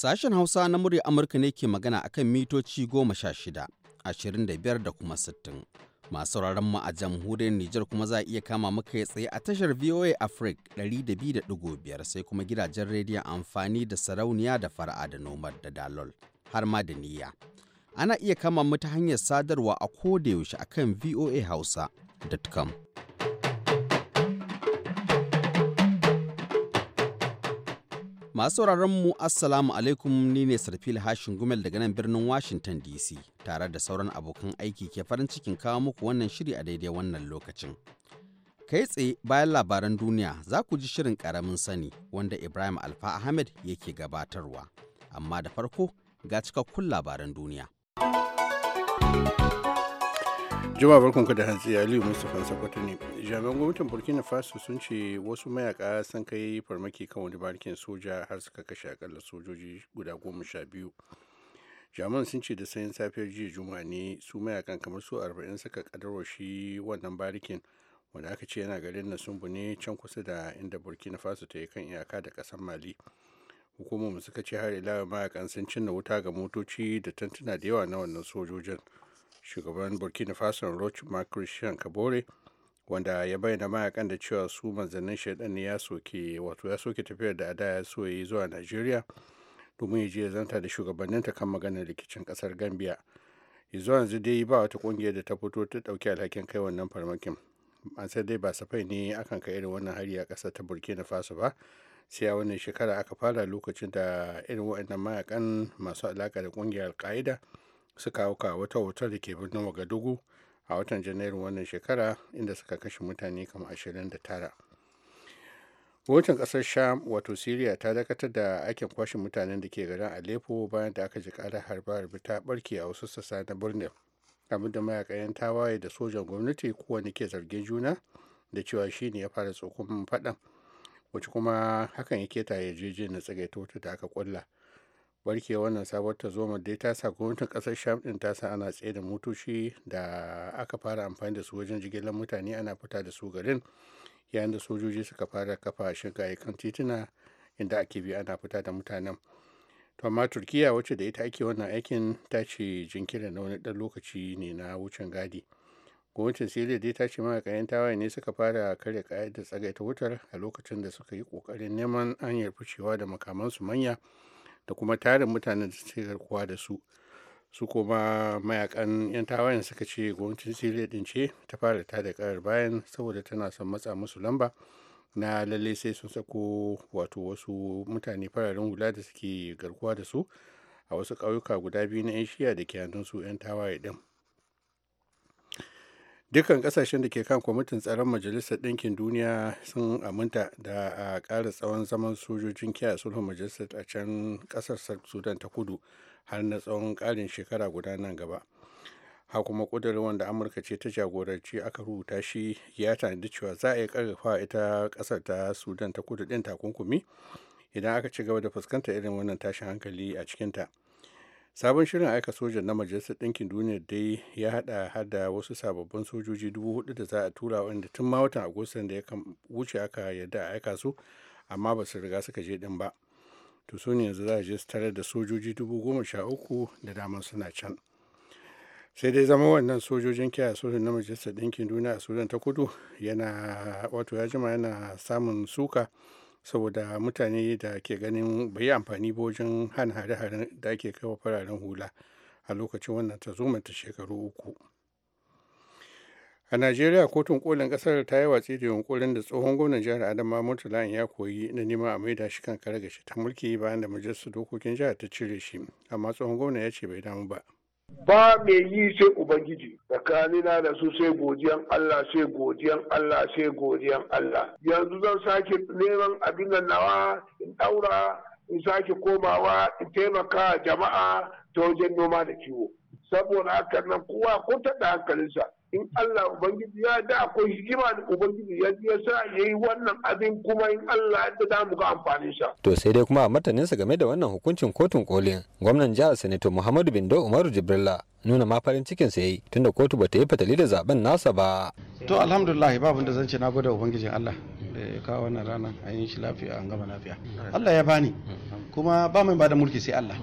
Sashen Hausa na murya Amurka ne ke magana akan mitoci goma sha shida, ashirin da biyar da kuma sittin. Masu sauraron mu a jamhuriyar Nijar kuma za a iya kama muka tsaye a tashar VOA Africa ɗari da da biyu ɗigo biyar, sai kuma gidajen rediyon amfani da sarauniya da fara'a da nomad da dalol har ma da niyya. Ana iya kama mu ta hanyar sadarwa a kodayaushe akan voa voahausa.com. Masu mu Assalamu alaikum ni ne Sarfil Hashin Gumel daga nan birnin Washington DC tare da sauran abokan aiki ke farin cikin kawo muku wannan shiri a daidai wannan lokacin. Kai tsaye bayan labaran duniya za ku ji shirin karamin sani wanda Ibrahim Alfa Ahmed yake gabatarwa. Amma da farko ga cikakkun labaran duniya. Juma barkanku da hantsi Aliyu Mustapha Sokoto ne. Jami'an gwamnatin Burkina Faso sun ce wasu mayaka sun kai farmaki kan wani barikin soja har suka kashe akalla sojoji guda goma sha biyu. Jami'an sun ce da sayan safiyar jiya Juma'a ne su mayakan kamar su arba'in suka kadarwa shi wannan barikin wanda aka ce yana garin Nasumbu ne can kusa da inda Burkina Faso ta yi kan iyaka da ƙasar Mali. Hukumomin suka ce har ila mayakan sun cinna wuta ga motoci da tantuna da yawa na wannan sojojin. shugaban burkina faso roch christian kabore wanda ya bayyana mayakan da cewa su manzannin shaidan ne ya soke wato ya soke tafiyar da ada ya so yi zuwa nigeria domin ya je ya zanta da shugabanninta kan maganar rikicin kasar gambia yanzu yanzu dai ba wata kungiyar da ta fito ta dauki alhakin kai wannan farmakin an sai dai ba safai ne akan kai irin wannan hari a kasar ta burkina faso ba sai a wannan shekara aka fara lokacin da irin wa'annan mayakan masu alaka da kungiyar al suka hauka wata hotel da ke birnin wagadugu a watan janairun wannan shekara inda suka kashe mutane kama tara. gwamnatin kasar sham wato syria ta dakatar da aikin kwashe mutanen da ke garin aleppo bayan da aka ji karar harbe-harbe ta barke a wasu sassa na birnin abinda mayakayan tawaye da sojan gwamnati kowane ke zargin juna da cewa shi ne ya fara tsokumin faɗan wacce kuma hakan ya keta yarjejeniyar na wata da aka kulla barke wannan sabon ta zoma dai ta sa gwamnatin kasar sham din ta sa ana tsaye da motoci da aka fara amfani da su wajen jigilar mutane ana fita da su garin yayin da sojoji suka fara kafa shigaye kan tituna inda ake bi ana fita da mutanen to amma turkiya wacce da ita ake wannan aikin ta ce jinkirin na wani dan lokaci ne na wucin gadi gwamnatin siriya dai ta ce kayan tawaye ne suka fara karya da tsagaita wutar a lokacin da suka yi kokarin neman hanyar ficewa da makamansu manya da kuma tarin mutanen da suke garkuwa da su su kuma mayakan 'yan tawayen suka ce gwamnatin siriya din ce ta fara ta da karar bayan saboda tana son matsa musu lamba na lalle sai sun sako wato wasu mutane fararen hula da suke garkuwa da su a wasu ƙauyuka guda biyu na 'yan shiya da ke hannun su 'yan tawaye din dukkan kasashen da ke kan kwamitin tsaron majalisar ɗinkin duniya sun aminta da a ƙara tsawon zaman sojojin kiyaye sulhun majalisar a can ƙasar sudan ta kudu har na tsawon ƙarin shekara guda nan gaba ha kuma ƙudurin wanda amurka ce ta jagoranci aka rubuta shi ya tanadi cewa za a yi ƙarfafa ita ƙasar ta sudan ta kudu ɗin takunkumi idan aka ci gaba da fuskantar irin wannan tashin hankali a cikinta. ta sabon shirin aika sojan na majalisar ɗinkin duniya dai ya haɗa hada wasu sababbin sojoji dubu hudu da za a tura wanda tun ma watan agustan da ya wuce aka yadda a aika su amma ba su riga suka je din ba to su ne yanzu za a je su tare da sojoji dubu goma sha uku da daman suna can sai dai zama wannan sojojin kiyaye sojan na majalisar ɗinkin duniya a sudan ta kudu yana wato ya jima yana samun suka saboda mutane da ke ganin bai yi amfani ba wajen hana hare-haren da ake kawo fararen hula a lokacin wannan ta shekaru uku. a najeriya kotun kolin kasar ta yi watsi da yunkurin da tsohon gwamnan jihar adama murtala ya koyi na neman a maida shi kan kare gashi ta mulki bayan da majalisar dokokin jihar ta cire shi amma tsohon gwamna ya ce bai damu ba ba mai yi sai ubangiji tsakanina da su sai godiyan Allah sai godiyan Allah sai godiyan Allah yanzu zan sake neman abin nan nawa in daura in sake komawa in taimaka jama'a ta wajen noma da kiwo saboda hakan nan kowa ko ta hankalinsa in Allah Ubangiji ya da akwai hikima da Ubangiji ya ya sa ya yi wannan abin kuma in Allah ya da mu ga amfanin sa. To sai dai kuma a martaninsa game da wannan hukuncin kotun kolin gwamnan jihar Sanato Muhammadu Bindo Umaru Jibrilla nuna ma farin cikin sa yayi tunda kotu ba ta yi fatali da zaben nasa ba. To alhamdulillah babu da zan ce na gode Ubangijin Allah da ya kawo wannan rana a yi shi lafiya an gama lafiya. Allah ya bani kuma ba mai da mulki sai Allah.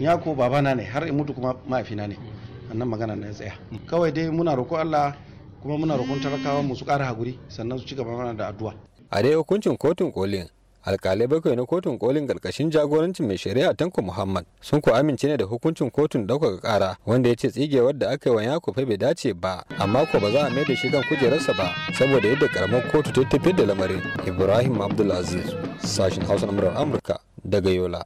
Ya ko babana ne har in mutu kuma mahaifina ne. annan magana na tsaya kawai dai muna roƙo Allah kuma muna roƙon talakawa mu su ƙara sannan su ci gaba mana da addu'a a dai hukuncin kotun kolin alkalai bakwai na kotun kolin karkashin jagorancin mai shari'a tanko muhammad sun ku amince ne da hukuncin kotun ɗaukaka ƙara wanda ya ce tsigewar da aka yi wa yakufa bai dace ba amma ko ba za a maida shi kan kujerarsa ba saboda yadda karamar kotu ta tafi da lamarin ibrahim abdulaziz sashin hausa na amurka daga yola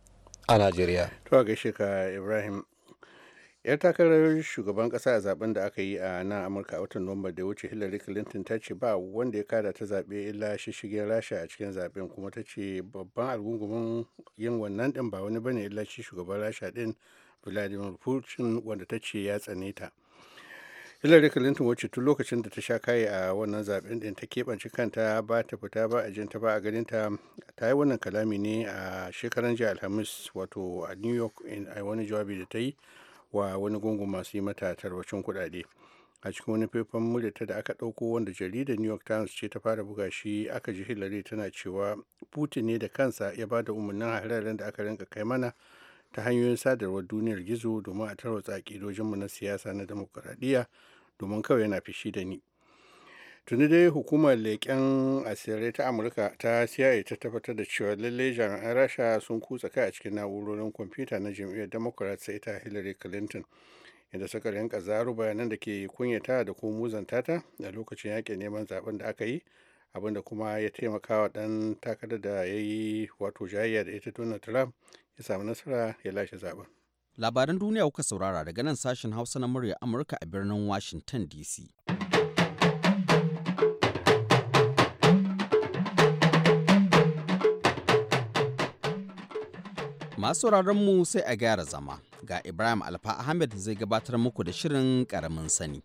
a najeriya to a gaishe ka ibrahim yar takarar shugaban kasa a zaben da aka yi a nan amurka a watan nuwamba da wuce hillary clinton ta ce ba wanda ya kada ta zaɓe illa shishigin rasha a cikin zaben kuma ta ce babban algungumin yin wannan din ba wani bane illa shi shugaban rasha din vladimir putin wanda ta ce ya tsane ta hillary clinton wacce tun lokacin da ta sha kaye a wannan zaben din ta keɓance kanta ba ta fita ba a ta ba a ganin ta ta yi wannan kalami ne a shekaran jiya alhamis wato a new york a wani jawabi da ta yi wa wani gungun masu yi mata tarwacin kuɗaɗe a cikin wani faifan muryarta da aka ɗauko wanda jaridar new york times ce ta fara buga shi aka ji hillary tana cewa putin ne da kansa ya ba da umarnin hararen da aka rinka kai mana ta hanyoyin sadarwar duniyar gizo domin a tarwatsa ƙidojinmu na siyasa na demokuraɗiyya domin kawai yana fishi da ni tuni dai hukumar leƙen asirai ta amurka ta cia ta tabbatar da cewa lalle jami'an rasha sun kutsa kai a cikin na'urorin kwamfuta na jam'iyyar democrat sai ta hillary clinton inda suka rinka zaro bayanan da ke kunyata da kuma muzanta ta a lokacin yaƙin neman zaben da aka yi abinda kuma ya taimaka wa ɗan takarda da ya yi wato jayayya da ita donald trump ya samu nasara ya lashe zaben labaran duniya kuka saurara daga nan sashen hausa na murya amurka a birnin washington dc Masu mu sai a gyara zama ga Ibrahim Alfa Ahmed zai gabatar muku da shirin karamin sani.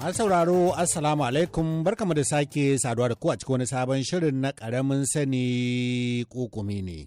Masu sauraro Assalamu alaikum barkamu da sake saduwa da ku a cikin wani sabon shirin na ƙaramin sani kokumi ne.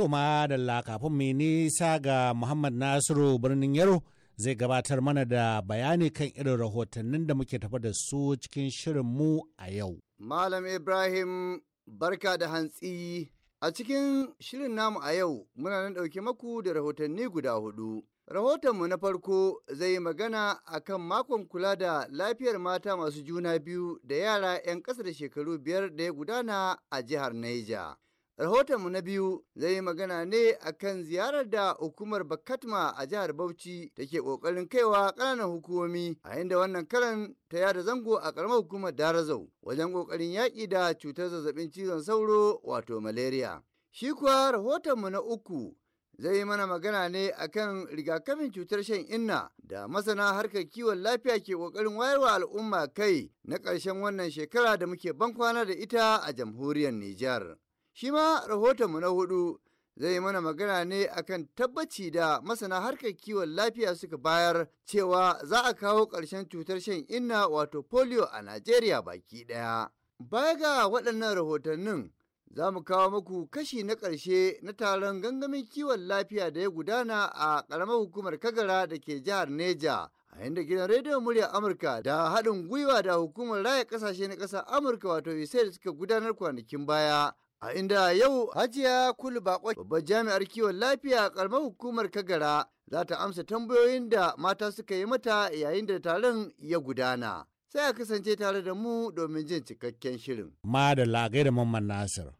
To ma da kafin mai nisa ga Muhammad Nasiru birnin Yaro zai gabatar mana da bayani kan irin rahotannin da muke tafa da su cikin shirin mu a yau. Malam Ibrahim barka da hantsi a cikin shirin namu a yau muna nan ɗauke maku da rahotanni guda hudu. Rahotonmu na farko zai magana a kan makon kula da lafiyar mata masu juna biyu da yara 'yan ƙasa da shekaru biyar da ya gudana a jihar Niger. Rahotonmu na biyu zai yi magana ne akan ziyarar da hukumar Bakatma a jihar Bauchi take ƙoƙarin kaiwa ƙananan hukumomi a inda wannan karan ta yada zango a ƙaramar hukumar Darazau wajen ƙoƙarin yaƙi da cutar zazzabin cizon sauro wato malaria. Shi kuwa rahotonmu na uku zai yi mana magana ne akan rigakafin cutar shan inna da masana harkar kiwon lafiya ke kokarin wayarwa al'umma kai na karshen wannan shekara da muke bankwana da ita a jamhuriyar Nijar. Shi ma rahotonmu na hudu zai mana magana ne akan tabbaci da masana harkar kiwon lafiya suka bayar cewa za a kawo ƙarshen cutar shan inna wato polio a Najeriya baki ɗaya. Baya ga waɗannan rahotannin za mu kawo muku kashi na ƙarshe na taron gangamin kiwon lafiya da ya gudana a ƙaramar hukumar Kagara da ke jihar Neja. a inda gidan rediyon murya amurka da haɗin gwiwa da hukumar raya ƙasashe na ƙasar amurka wato Isai da suka gudanar kwanakin baya a inda yau hajiya kulu bakwai babbar jami'ar kiwon lafiya a karamar hukumar kagara za ta amsa tambayoyin da mata suka yi mata yayin da taron ya gudana sai a kasance tare da mu domin jin cikakken shirin ma da lagai da mamman nasir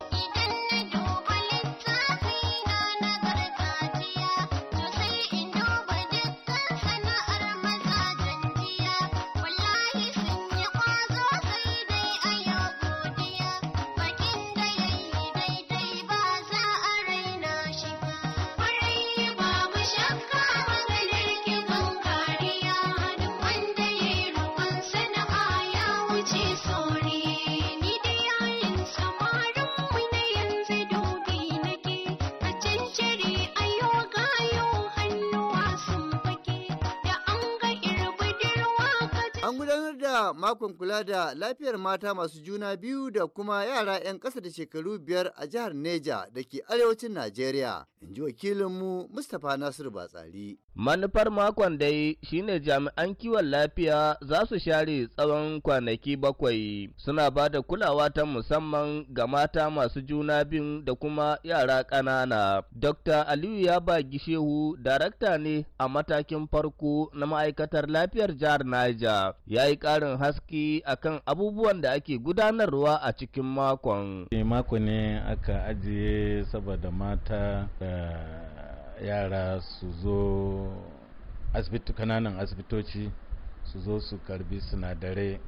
makon kula da lafiyar mata masu juna biyu da kuma yara 'yan ƙasa da shekaru biyar a jihar Neja da ke arewacin Najeriya, in ji wakilinmu Mustapha nasiru Batsari. Manufar makon dai shine jami'an kiwon lafiya za su share tsawon kwanaki bakwai suna ba da kulawa ta musamman ga mata masu juna biyu da kuma yara ƙanana. Dr. Aliyu ya ba gishehu darakta ne a matakin farko na ma'aikatar lafiyar jihar Niger ya yi ƙarin haske akan abubuwan da ake gudanarwa a cikin makon. Mako yara su zo asibiti kananan asibitoci su zo su karbi sinadarai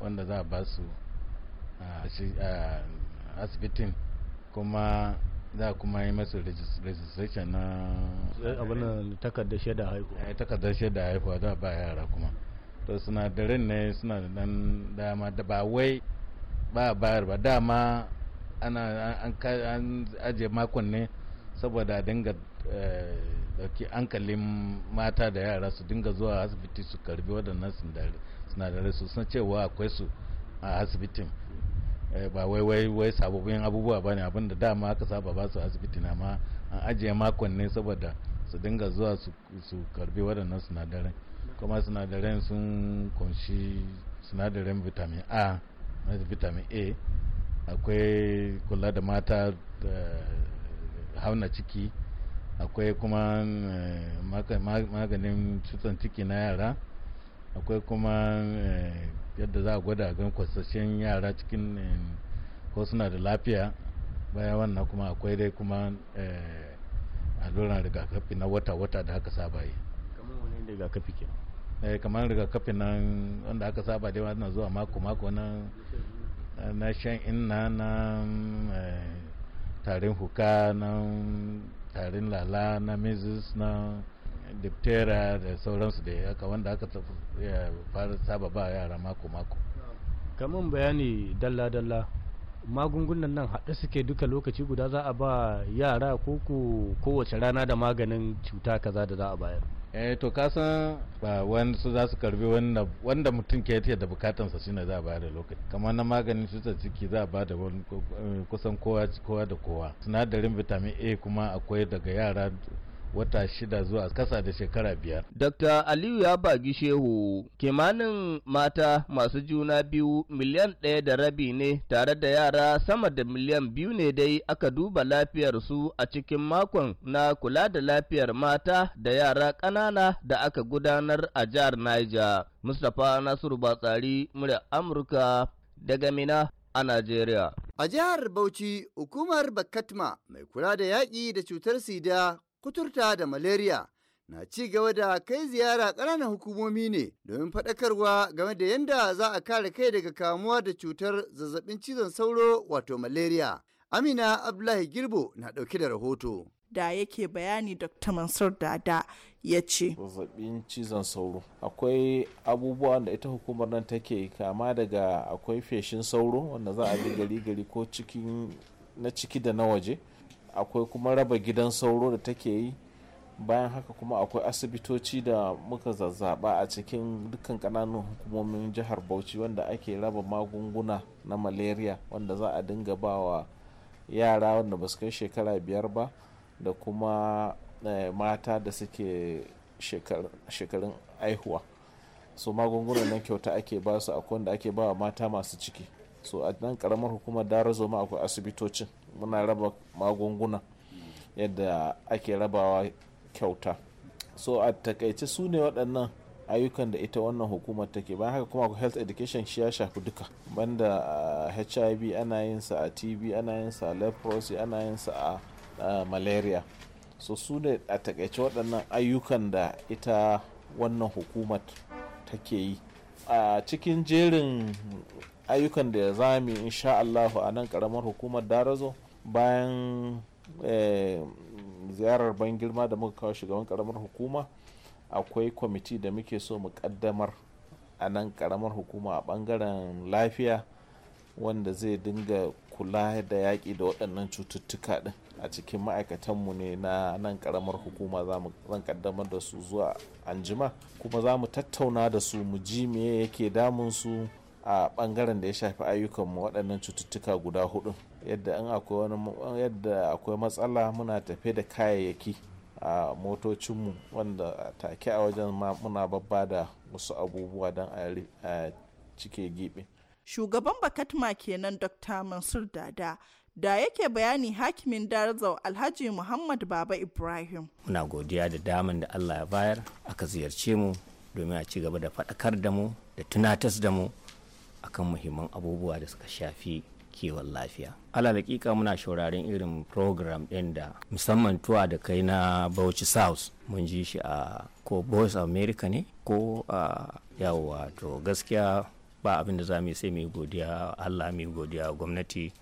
wanda za a ba su a asibitin kuma za a kuma yi masu registration na eh, abin takardar shaida eh, haihuwa za a ba yara kuma to sinadarin ne suna da dan dama da ba wai ba bayar ba dama ana an ajiye makon ne saboda dinga eh, dauki hankalin mata da yara su dinga zuwa asibiti su karbi waɗannan sinadarai su san cewa akwai su a asibitin eh, ba wai wai wai sababbin abubuwa ba ne abinda dama aka saba ba su asibiti na ma an ajiye makonni saboda su dinga zuwa su karbi waɗannan sinadarai kuma sinadarai sun kunshi sinadarin vitamin a vitamin a akwai kula da mata da auna ciki akwai kuma eh, maganin tsutsan ciki na yara akwai kuma eh, yadda za a gwada gan kwasashen yara cikin eh, ko suna da lafiya bayan wannan kuma akwai dai kuma alluran rigakafi na wata-wata da aka saba yi kamar wani rigakafi ke kamar rigakafi nan wanda aka saba dai wannan zuwa mako-mako na shan inna na tarin huka na tarin lala na mizis na diptera da sauransu da yaka wanda aka fara saba ba yara mako-mako kamun bayani dalla-dalla magungunan nan haɗe suke duka lokaci guda za a ba yara ko kowace rana da maganin cuta kaza da za a bayar eh to ka san ba su za su karbi wanda mutum ke yake da bukatansa shine za a ba da lokaci kamar na maganin cutar ciki za a ba da eh, kusan kowa kowa da kowa sinadarin vitamin a kuma akwai daga yara wata shida zuwa kasa da shekara biyar. Dr. Aliyu ya bagi shehu kimanin mata masu juna biyu miliyan ɗaya da rabi ne tare da yara sama da miliyan biyu ne dai aka duba lafiyarsu a cikin makon na kula da lafiyar mata da yara ƙanana da aka gudanar a jihar Niger. Mustapha Nasiru Batsari, murya Amurka daga Mina a Najeriya. A jihar Bauchi, hukumar Bakatma mai kula da yaƙi da cutar sida kuturta da malaria na ci gaba da kai ziyara ƙananan hukumomi ne domin faɗakarwa game da yadda za a kare kai daga kamuwa da cutar zazzabin cizon sauro wato malaria. Amina Abdullahi Girbo na ɗauke da rahoto. da yake bayani dr mansur dada ya ce zazzabin cizon sauro akwai abubuwa da ita hukumar nan take kama daga akwai feshin sauro wanda za a bi gari gari ko cikin na ciki da na waje akwai kuma raba gidan sauro da take yi bayan haka kuma akwai asibitoci da muka zazzaba a cikin dukkan kananan hukumomin jihar bauchi wanda ake raba magunguna na malaria wanda za a dinga ba wa yara wanda ba su kai shekara biyar ba da kuma eh, mata da suke shekarun aihuwa so magungunan nan kyauta ake ba su akwai wanda ake ba wa mata masu ciki so a nan karamar hukumar darazoma akwai asibitocin muna raba magunguna yadda ake rabawa kyauta so a takaice su ne waɗannan ayyukan da ita wannan hukumar take bayan haka kuma health education shi ya shafi duka banda hiv ah, ana yin sa a tb ana yin sa a leprosy ana yin sa a malaria so su ne a takaice waɗannan ayyukan da ita wannan hukumar take yi a cikin jerin ayyukan da ya zami insha Allahu a nan karamar hukumar darazo bayan eh, ziyarar ban girma da muka kawo shugaban karamar hukuma akwai kwamiti da muke so mu kaddamar a nan karamar hukuma a bangaren lafiya wanda zai dinga kula da yaƙi da waɗannan cututtuka ɗin a cikin ma'aikatanmu ne na nan karamar hukuma zan kaddamar da su zuwa anjima kuma za mu tattauna da su mu ji me yake damun su a bangaren da ya shafi ayyukanmu waɗannan cututtuka guda hudu yadda in akwai wani yadda akwai matsala muna tafe da kayayyaki a motocinmu wanda take a wajen ma muna babba da wasu abubuwa don a cike gibe shugaban bakatma kenan dr mansur dada da yake bayani hakimin darzau alhaji muhammad baba ibrahim muna godiya da daman da allah ya bayar aka ziyarce mu domin a ci gaba da faɗakar da mu da tunatas da mu akan muhimman abubuwa da suka shafi kiwon lafiya alal hakika muna shaurarin irin program ɗin da musamman tuwa da kai na bauchi south mun ji shi a ko Boys america ne ko a yawa to gaskiya ba abin da za mu sai yi godiya allah yi godiya gwamnati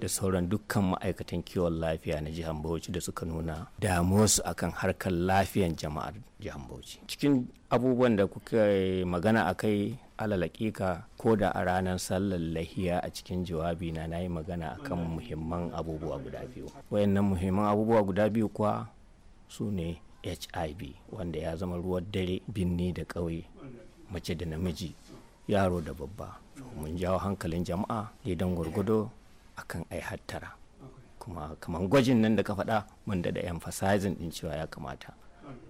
da sauran dukkan ma'aikatan kiwon lafiya na jihar bauchi da suka nuna damuwarsu akan harkar lafiyan jama'ar jihar bauchi cikin abubuwan da kuka magana a kai alalakika ko da a ranar sallar lahiya a cikin jawabi na na yi magana akan muhimman abubuwa guda biyu wayannan muhimman abubuwa guda biyu kuwa su ne hiv wanda ya zama ruwan dare binne da ƙauye mace da namiji yaro da babba mun jawo hankalin jama'a idan gwargwado akan ai hattara kuma kamar gwajin nan da ka faɗa mun da emphasizing ɗin cewa ya kamata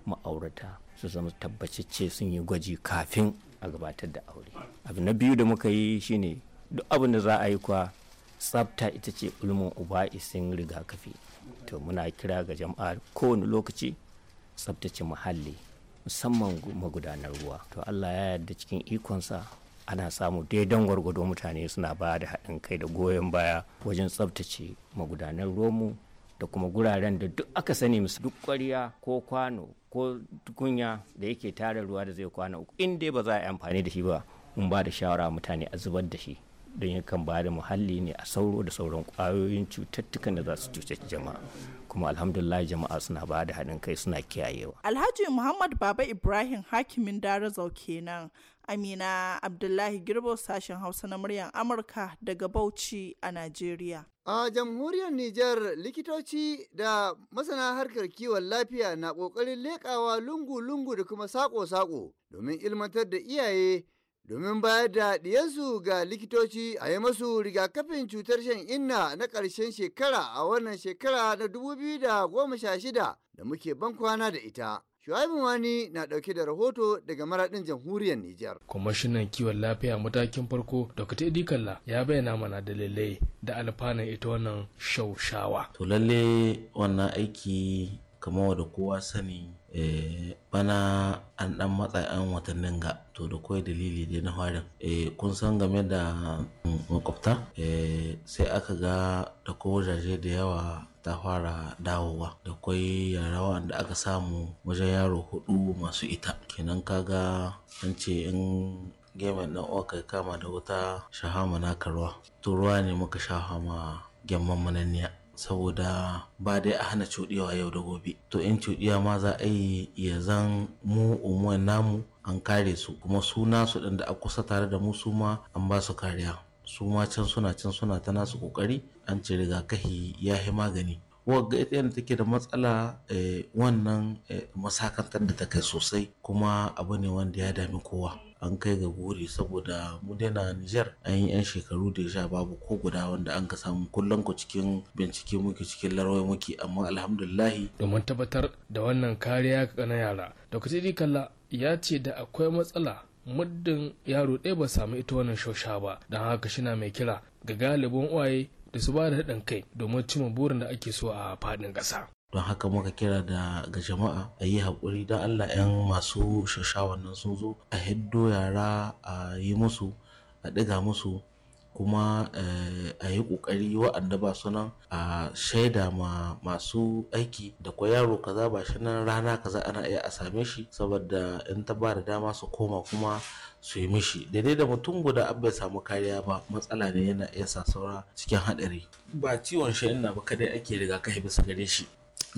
ma'aurata su zama tabbacicce sun yi gwaji kafin a gabatar da aure abu na biyu da muka yi shine duk abin da za a yi kwa tsafta ita ce ulmin uba isin rigakafi to muna kira ga jama'a kowane lokaci tsaftace muhalli musamman magudanar ruwa to allah ya yarda cikin ikonsa ana samu daidan gwargwado mutane suna ba da haɗin kai da goyon baya wajen tsaftace magudanar ruwanmu da kuma guraren da duk aka sani musu duk kwariya ko kwano ko tukunya da yake tara ruwa da zai kwana uku in dai ba za a yi amfani da shi ba in ba da shawara mutane a zubar da shi don yakan ba da muhalli ne a sauro da sauran kwayoyin cututtukan da za su cuce jama'a kuma alhamdulillah jama'a suna ba da haɗin kai suna kiyayewa alhaji muhammad baba ibrahim hakimin dara zauke kenan amina abdullahi girbo sashen hausa na muryar amurka daga bauchi a najeriya A jamhuriyar Nijar likitoci da masana harkar kiwon lafiya na ƙoƙarin leƙawa lungu-lungu da kuma saƙo-saƙo domin ilmantar da iyaye domin bayar da ɗiyansu ga likitoci a yi masu rigakafin cutar shan inna na ƙarshen shekara a wannan shekara na 2016 da muke ban kwana da ita. Shu'aibu wani na ɗauke da rahoto daga maraɗin jamhuriyar Nijar. Kwamishinan kiwon lafiya matakin farko Dr. Idi Kalla ya bayyana mana dalilai da alfanan ita wannan shaushawa. To lalle wannan aiki kamar da kowa sani Eh, bana an dan matsa yan watannin ga to da kawai dalili dai na farin eh, kun san game da makwabta eh, sai aka ga da wajaje da yawa ta fara dawowa da kwai yara da aka samu wajen yaro hudu masu ita kenan kaga an ce in gemen na uwa kai kama da wuta shahama na karwa to ne muka shahama gemman mananiya. saboda ba dai a hana cuɗewa yau da gobe to in cuɗiya ma za a yi ya zan mu umuwan namu an kare su kuma su nasu ɗin da a kusa tare da mu su ma an ba su kariya su ma can suna can suna ta nasu kokari an ci rigakafi ya yi magani wagga ita yadda take da matsala eh, wannan eh, masakantar da ta kai sosai kuma abu ne wanda ya dami kowa an kai ga buri saboda mu daina Nijar an yi 'yan shekaru da sha babu ko guda wanda an ka samu kullum ku cikin bincike muke cikin larwai muke amma alhamdulillahi. Domin tabbatar da wannan kariya ga na yara, Dr. Kalla ya ce da akwai matsala muddin yaro ɗaya ba samu ita wannan shosha ba don haka shina mai kira ga galibin uwaye da su ba da haɗin kai domin cimma burin da ake so a faɗin ƙasa. don haka muka kira da ga jama'a a yi haƙuri don allah 'yan masu shashawan nan sun zo a hiddo yara a yi musu a ɗiga musu kuma eh, a yi ƙoƙari wa'anda ba su nan a shaida ma masu aiki da kwa yaro kaza ba shi nan rana kaza ana iya a same shi saboda in ta ba da dama su koma kuma su yi mishi daidai da mutum guda an bai samu kariya ba matsala ne yana iya sa saura cikin haɗari ba ciwon shi ina ba kadai ake kai bisa gare shi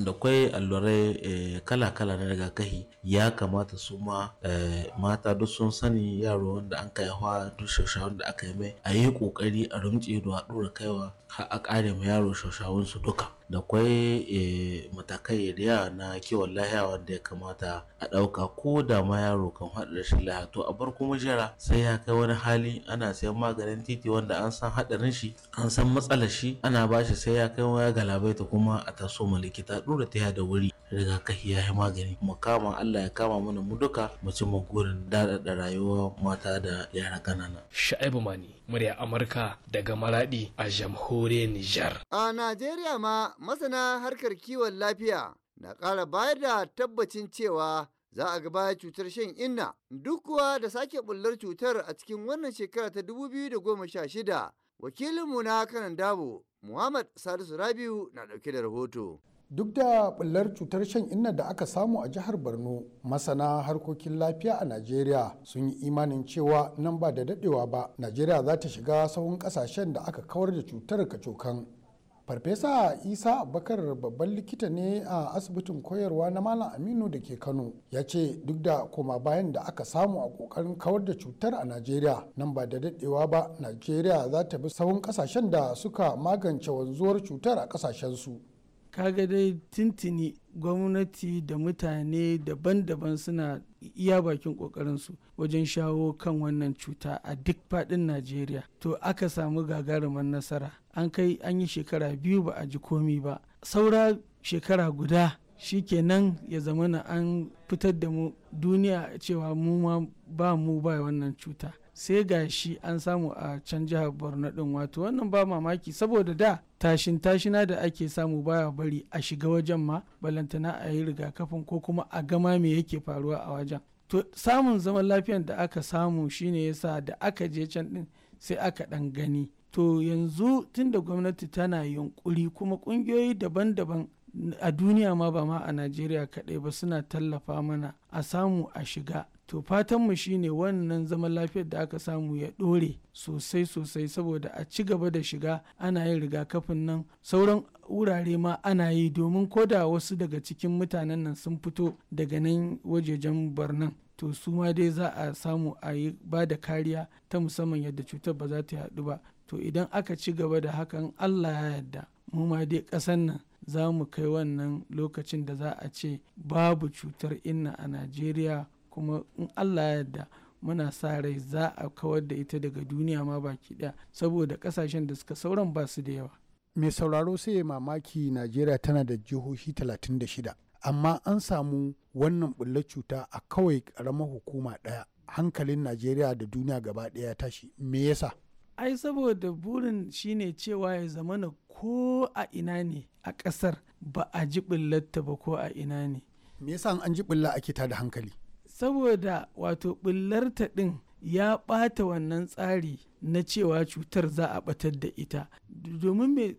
da kwai allurai eh, kala-kala na rigakafi ya kamata su ma eh, mata duk sun sani yaro wanda an kai hawa duk shashawun da aka yi mai a yi kokari a rumce da a kaiwa har a kare ma yaro shashawun su duka da kwai eh, matakai riya na kiwon lahiya wanda ya kamata a ɗauka ko da ma yaro kan haɗa rashin lahiya to a bar kuma jira sai ya kai wani hali ana sayan maganin titi wanda an san haɗarin shi an san matsalar shi ana bashi sai ya kai waya galabaita kuma a taso ma likita ɗora ta da wuri rigakafi ya yi magani mu kama Allah ya kama mana mu duka mu ci gurin daɗaɗa rayuwa mata da yara ƙanana. Sha'ibu Mani murya Amurka daga maraɗi a jamhuriyar Nijar. A Najeriya ma masana harkar kiwon lafiya na ƙara bayar da tabbacin cewa za a gaba cutar shan inna duk kuwa da sake bullar cutar a cikin wannan shekara ta 2016 wakilinmu na kanan dabo Muhammad Salisu Rabiu na ɗauke da rahoto. duk da bullar cutar shan inna da aka samu a jihar borno masana harkokin lafiya a najeriya sun yi imanin cewa nan ba da dadewa ba najeriya za ta shiga sahun kasashen da aka kawar da cutar kacokan farfesa isa abubakar babban likita ne a asibitin koyarwa na malam aminu da ke kano ya ce duk da koma bayan da aka samu a kokarin kawar da cutar a najeriya nan ba da dadewa ba najeriya za ta bi sahun kasashen da suka magance wanzuwar cutar a kasashensu kaga dai tintini gwamnati da mutane daban-daban suna iya bakin kokarinsu wajen shawo kan wannan cuta a duk fadin najeriya to aka samu gagarumin nasara an kai an yi shekara biyu ba a ji komi ba saura shekara guda shi kenan ya zamana an fitar da mu duniya cewa mu ma ba mu ba wannan cuta sai ga shi an samu a can jihar borno din wato wannan ba mamaki saboda da tashin tashina da ake samu baya bari a shiga wajen ma balantana a yi rigakafin ko kuma a gama me yake faruwa a wajen to samun zaman lafiyan da aka samu shine yasa da aka je can din sai aka dan gani to yanzu tunda gwamnati tana yunkuri kuma kungiyoyi daban-daban a duniya ma ba ma a najeriya kaɗai ba suna tallafa mana a samu a shiga to fatanmu shine wannan zaman lafiyar da aka samu ya dore sosai sosai saboda a ci gaba da shiga ana yin rigakafin nan sauran wurare ma ana yi domin koda wasu daga cikin mutanen nan sun fito daga nan wajejen barnan to su ma dai za a samu a yi ba da kariya ta musamman yadda cutar ba za ta yaɗu ba to idan aka ci gaba da hakan allah ya yarda mu ma dai ƙasan nan za mu kai wannan lokacin da za a ce babu cutar inna a najeriya kuma in allah ya yarda muna sa rai za a kawar da ita daga duniya ma baki daya saboda kasashen da suka sauran ba su da yawa mai sauraro sai ya mamaki najeriya tana da jihohi 36 amma an samu wannan bullar cuta a kawai karamar hukuma daya hankalin najeriya da duniya gaba daya tashi me yasa ai saboda burin shine cewa ya zama na ko a ina ne a ƙasar ba a ji ta ba ko a ina ne me yasa an ji bulla ake tada hankali saboda wato ɓullarta ɗin ya ɓata wannan tsari na cewa cutar za a ɓatar da ita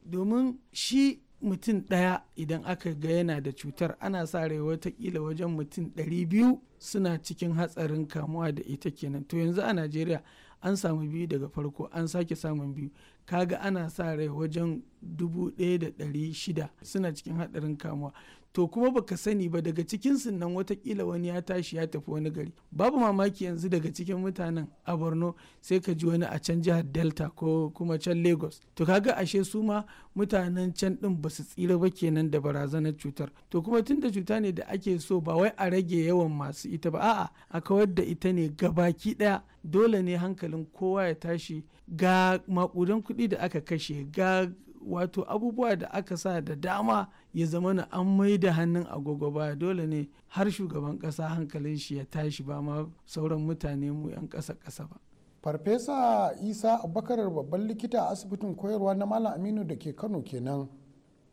domin shi mutum ɗaya idan aka ga yana da cutar ana sa rai watakila wajen mutum ɗari biyu suna cikin hatsarin kamuwa da ita kenan to yanzu a najeriya an samu biyu daga farko an sake samun biyu kaga ana sa rai wajen dubu ɗaya da ɗari shida suna cikin hatsarin kamuwa to kuma baka sani ba daga cikin nan watakila wani ya tashi ya tafi wani gari babu mamaki yanzu daga cikin mutanen a borno sai ka ji wani a can jihar delta ko kuma can lagos to kaga ashe su ma mutanen can din ba su tsira ba kenan da barazanar cutar to kuma tunda cuta ne da ake so ba wai a rage yawan masu ita ba a'a a kawar da ita ne gabaki daya dole ne hankalin kowa ya tashi ga makudan kuɗi da aka kashe ga wato abubuwa da aka sa da dama ya zama na an mai da hannun agogo ba dole ne har shugaban kasa hankalin shi ya tashi ba ma sauran mutane mu 'yan kasa kasa ba farfesa isa abubakar babban likita a asibitin koyarwa na malam aminu da ke kano kenan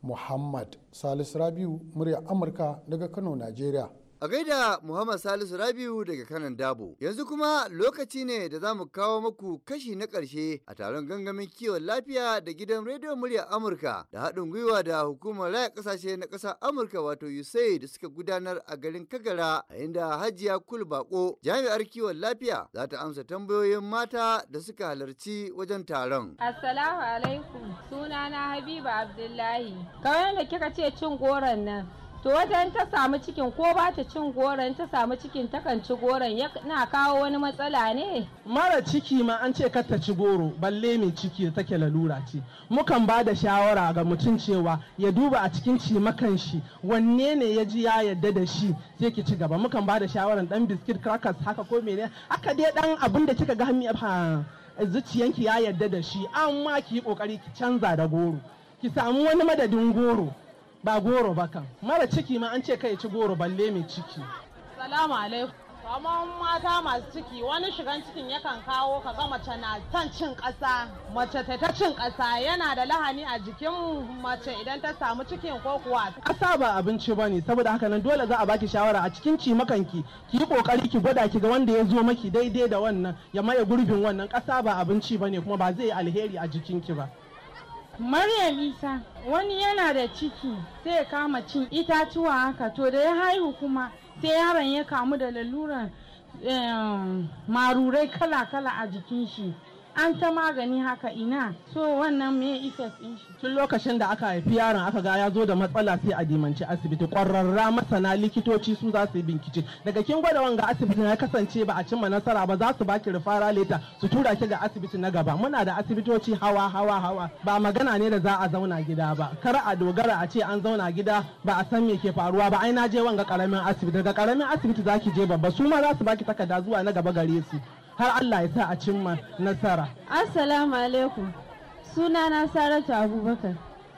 muhammad salisu rabiu murya amurka daga kano nigeria. A gaida Muhammad Salisu Rabiu daga kanan Dabo. Yanzu kuma lokaci ne da za mu kawo muku kashi na ƙarshe a taron gangamin kiwon lafiya da gidan rediyon Murya Amurka da haɗin gwiwa da hukumar raya ƙasashe na ƙasar Amurka wato USAID da suka gudanar a garin Kagara a inda Hajiya Kul Bako jami'ar kiwon lafiya za ta amsa tambayoyin mata da suka halarci wajen taron. Assalamu alaikum sunana Habiba Abdullahi. Kamar da kika ce cin goron nan to wajen ta samu cikin ko ba ta cin goron ta samu cikin takan ci goron na kawo wani matsala ne mara ciki ma an ce kar ta ci goro balle mai ciki da take lalura ce mukan ba da shawara ga mutum cewa ya duba a cikin cimakan shi wanne ne ya ji ya yadda da shi sai ki ci gaba mukan ba da shawaran dan biskit crackers haka ko mene aka dai dan abin da kika ga zuciyanki ya yadda da shi amma ki yi kokari ki canza da goro ki samu wani madadin goro ba goro ba kan mara ciki ma an ce kai ci goro balle mai ciki salamu alaikum kamar mata masu ciki wani shigan cikin yakan kawo ka ga mace na cin ƙasa mace ta cin ƙasa yana da lahani a jikin mace idan ta samu cikin ko kuwa ƙasa ba abinci ba ne saboda haka nan dole za a baki shawara a cikin ci makanki ki yi ƙoƙari ki gwada ki ga wanda ya zo maki daidai da wannan ya maye gurbin wannan ƙasa ba abinci ba ne kuma ba zai yi alheri a jikinki ba Maryam Isa wani yana da ciki sai ya kama cin itatuwa haka to da ya haihu kuma sai yaron ya kamu da laluran eh, marurai kala-kala a jikin shi an ta magani haka ina so wannan me effect din tun lokacin da aka haifi yaron aka ga ya zo da matsala sai a dimanci asibiti kwararra masana likitoci su za su yi bincike daga kin gwada wanga asibitin ya kasance ba a cimma nasara ba za su baki rifara leta su tura ki ga asibiti na gaba muna da asibitoci hawa hawa hawa ba magana ne da za a zauna gida ba kar a dogara a ce an zauna gida ba a san me ke faruwa ba ai na je wanga karamin asibiti daga karamin asibiti zaki je babba su ma za su baki takarda zuwa na gaba gare su har Allah ya sa a cimma nasara. Assalamu alaikum. Sunana Saratu Abubakar.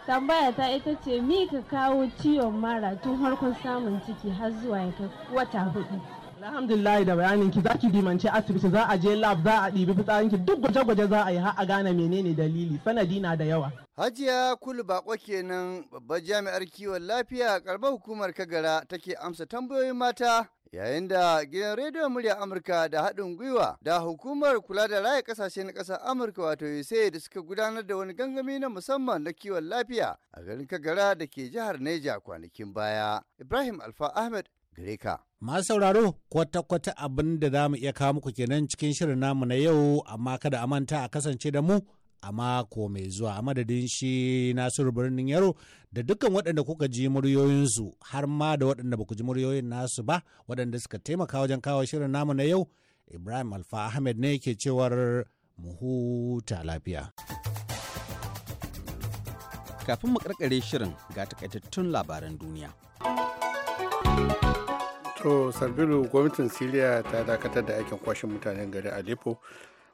Tambaya ta ita ce mi ka kawo ciwon mara tun harkon samun ciki har zuwa ya wata hudu. Alhamdulillah da bayanin ki zaki dimance asibiti za a je lab za a ɗibi fitsarin ki duk gwaje-gwaje za a yi har a gane menene dalili sanadi na da yawa. Hajiya Kulu kenan babbar jami'ar kiwon lafiya karbar hukumar Kagara take amsa tambayoyin mata yayin da gidan rediyon murya amurka da haɗin gwiwa da hukumar kula da raya ƙasashe na ƙasar amurka wato usaid suka gudanar da wani gangami na musamman na kiwon lafiya a garin kagara da ke jihar neja kwanakin baya ibrahim alfa ahmed gareka masu sauraro kwata-kwata abin da za mu iya kawo muku kenan cikin shirin namu na yau amma kada a manta a kasance da mu a mako mai zuwa a madadin shi nasiru birnin yaro da dukkan waɗanda kuka ji muryoyinsu har ma da waɗanda ba ku ji muryoyin nasu ba waɗanda suka taimaka wajen kawo shirin namu na yau ibrahim alfa ahmed ne ke cewar mu huta lafiya kafin mu karkare shirin ga takaitattun labaran duniya to sarbilu gwamnatin siriya ta dakatar da aikin kwashin mutanen gari aleppo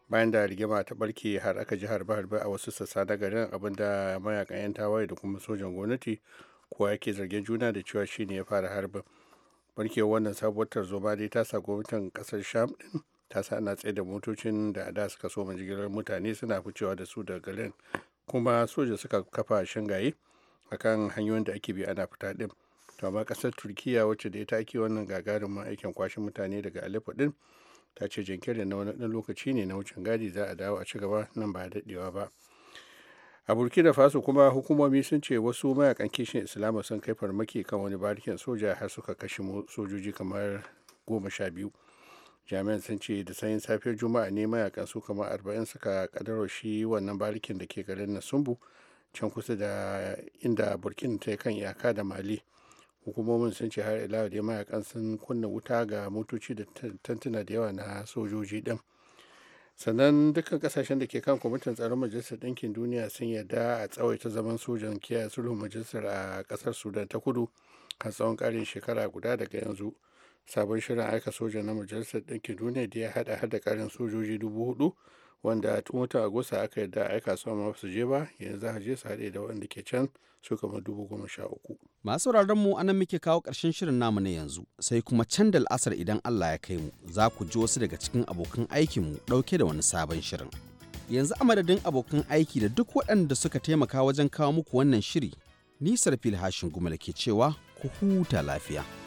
bayan da rigima ta barke har aka ji harbe-harbe a wasu sassa na garin da mayakan 'yan tawaye da kuma sojan gwamnati kuwa yake zargin juna da cewa shine ya fara harbin barke wannan sabuwar tarzoma dai ta sa gwamnatin kasar sham din ta sa ana tsaye da motocin da a da suka so jigilar mutane suna ficewa da su daga garin kuma soja suka kafa shingaye akan hanyoyin da ake bi ana fita din to amma kasar turkiya wacce da ita ake wannan gagarumin aikin kwashin mutane daga alifu din ta ce jinkirin na wani ɗan lokaci ne na wucin gadi za a dawo a ci gaba nan ba daɗewa ba a burkina faso kuma hukumomi sun ce wasu mayakan kishin islamu sun kai farmaki kan wani barikin soja har suka kashe sojoji kamar goma sha biyu jami'an sun ce da sanyin safiyar juma'a ne mayakan su kamar arba'in suka kadaro shi wannan barikin da ke garin na sumbu can kusa da inda burkina ta kan iyaka da mali hukumomin sun ce har ila da mayakan sun kunna wuta ga motoci da tantuna da yawa na sojoji din sannan dukkan kasashen da ke kan kwamitin tsaron majalisar ɗinkin duniya sun yarda a tsawaita zaman sojan kiyaye sulhun majalisar a ƙasar sudan ta kudu a tsawon ƙarin shekara guda daga yanzu sabon shirin aika soja na majalisar ɗinkin duniya da ya haɗa hada ƙarin sojoji dubu hudu wanda tun wata agusta aka yarda a aika su ma su je ba yanzu za a je su haɗe da waɗanda ke can su kamar dubu goma sha uku. masu sauraron mu anan muke kawo ƙarshen shirin namu na yanzu sai kuma can da al'asar idan allah ya kai mu za ku ji wasu daga cikin abokan aikin mu ɗauke da wani sabon shirin. yanzu a madadin abokan aiki da duk waɗanda suka taimaka wajen kawo muku wannan shiri nisar filhashin gumal ke cewa ku huta lafiya.